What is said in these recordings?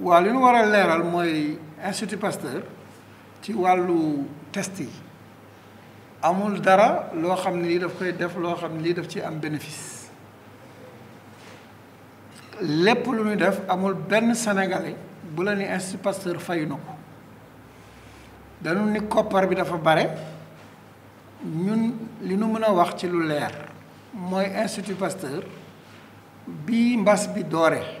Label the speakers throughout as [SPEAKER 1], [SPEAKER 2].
[SPEAKER 1] waaw li ñu war a leeral mooy institut Pasteur ci wàllu test yi amul dara loo xam ne lii daf koy def loo xam ne lii daf ci am bénéfice lépp lu ñu def amul benn sénégalais bu la ni institut Pasteur fayu na ko dañu ni koppar bi dafa bare ñun li nu mën a wax ci lu leer mooy institut Pasteur bii mbas bi doore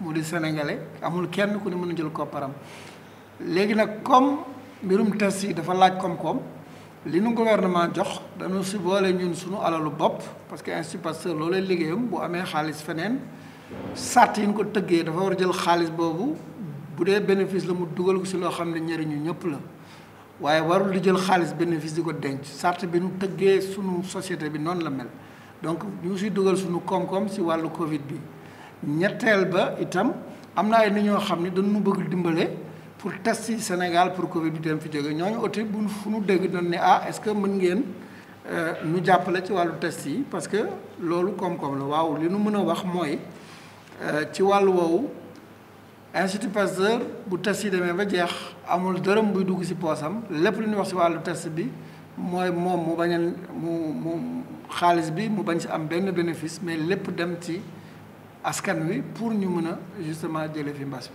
[SPEAKER 1] mu di sénégalais amul kenn ku ne mën a jël kopparam léegi nag comme mbirum test yi dafa laaj koom-koom li nu gouvernement jox dañu si boole ñun suñu alalu bopp parce que Institut Pasteur loolee liggéeyam bu amee xaalis feneen sart yi ñu ko tëggee dafa war a jël xaalis boobu bu dee bénéfice la mu dugal ko si loo xam ne njëriñu ñëpp la waaye warul di jël xaalis bénéfice di ko denc sart bi nu tëggee sunu société bi noonu la mel donc ñu si dugal suñu koom si wàllu Covid bi ñetteel ba itam am na ay ni ñoo xam ne mu bëgg dimbale pour test yi Sénégal pour Covid bi dem fi jóge ñooñu oti bu fu nu dégg doon ne ah est-ce que mën ngeen nu euh, jàppale ci wàllu test yi parce que loolu koom-koom la waaw li nu mën a wax mooy euh, ci wàllu woowu Institut Pasteur bu test yi demee ba jeex amul dërëm buy dugg si poosam lépp lu ñuy wax si wàllu test bi mooy moom mu bañ mu mu xaalis bi mu bañ si am benn bénéfice mais lépp dem ci askan wi pour ñu mën a justement jëlee fi mbas